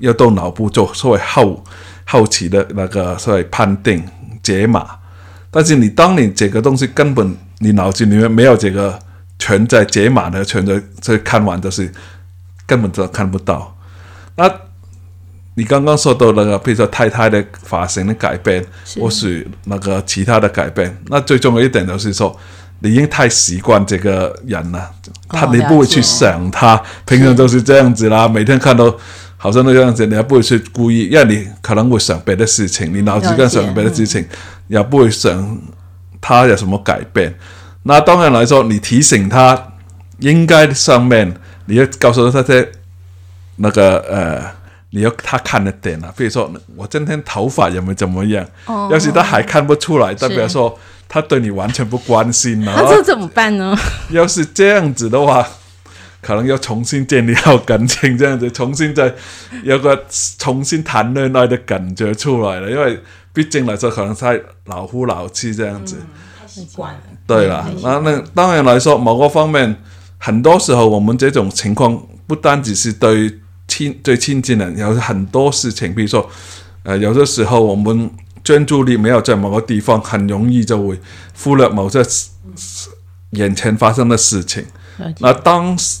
要到腦部做所謂後後期的那個所謂判定解碼，但是你當你這個東西根本你腦子裏面沒有這個存在解碼的存在，所以看完就是根本就看不到。那你剛剛說到那個，譬如說太太的髮型的改變，是或許那個其他的改變，那最重要一點就是說，你已經太習慣這個人了，哦、他你不會去想他，解平常都是這樣子啦，是每天看到。好似呢樣子，你又不會去故意，因為你可能會想別的事情，你腦子跟想別的事情，嗯、也不會想他有什麼改變。那當然來說，你提醒他應該上面，你要告訴他啲，那個呃，你要他看得點啊。比如說，我今天頭髮有沒有怎麼樣？要是、哦、他還看不出來，是代表說他對你完全不關心，那這怎麼辦呢？要是這樣子的話。可能要重新建立好感情，這樣子，重新再有個重新談戀愛的感覺出來了。因為畢竟來說，可能太老夫老妻這樣子，嗯、太習慣了對啦了，了那那當然來說，某個方面，很多時候我們這種情況，不單只是對親對親近人，有很多事情，比如說，呃，有的時候我們專注力沒有在某個地方，很容易就會忽略某些事眼前發生的事情。解那當，時。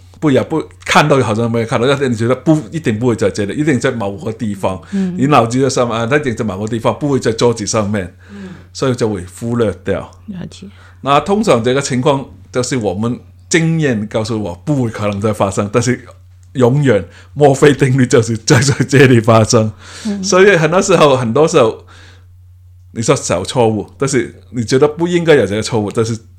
不也不看到，好看到，又好像冇看到，但係你覺得不一定不會在這裏，一定在某個地方。嗯，你腦子上啊，一定在某個地方，不會在桌子上面。嗯，所以就會忽略掉。嗯，那通常這個情況就是我們經驗告訴我，不會可能再發生，但是永遠墨菲定律就是在在這裏發生。嗯，所以很多時候，很多時候，你說小錯誤，但是你覺得不應該有這個錯誤，但、就是。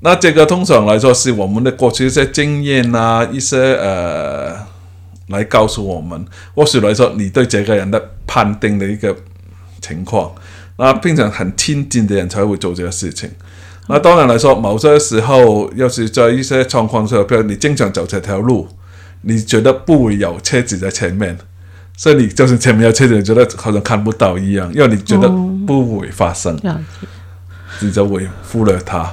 那這個通常來說是我們的過去一些經驗啊，一些呃來告訴我們，或許來說你對這個人的判定的一個情況，那變成很親近的人才會做這個事情。那當然來說，某些時候，要是在一些狀況下，比如你經常走這條路，你覺得不會有車子在前面，所以你就算前面有車子，你覺得好像看不到一樣，因為你覺得不會發生，嗯、你就會忽略它。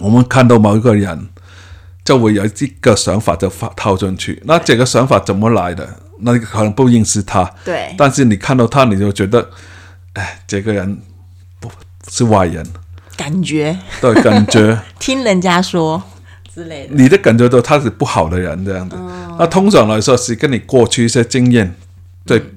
我們看到某一個人，就會有一個想法就發套進去。那這個想法怎麼來的？那你可能不認識他，對，但是你看到他，你就覺得，哎，這個人不是外人，感覺，對，感覺， 聽人家說之類的，你的感覺就他是不好的人這樣子。嗯、那通常來說，是跟你過去一些經驗，對。嗯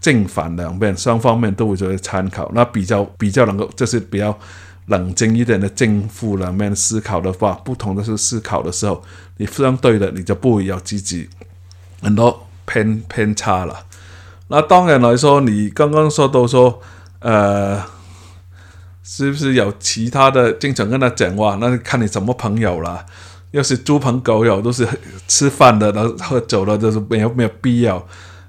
正反兩面，雙方面都會作為參考。那比較比較能夠，就是比較冷靜一點的正負兩面思考的話，不同的思思考的時候，你相對的你就不會要積極，很多偏偏差了。那當然來說，你剛剛說都說，呃，是不是有其他的經常跟他講話？那看你什麼朋友啦，要是豬朋狗友，都是吃飯的，然後喝酒的，就是沒有沒有必要。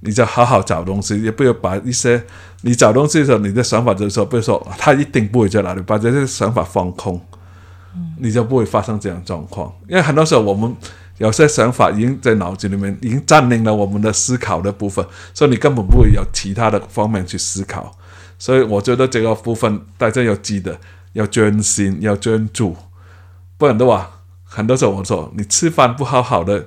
你就好好找東西，也不要把一些你找東西的時候你的想法就是說，譬如說，他一定不會在哪裏，把這些想法放空，你就不會發生這樣狀況。嗯、因為很多時候我們有些想法已經在腦子裏面，已經佔領了我們的思考的部分，所以你根本不會有其他的方面去思考。所以我覺得這個部分大家要記得，要專心，要專注，不然的話，很多時候我們說你吃飯不好好的。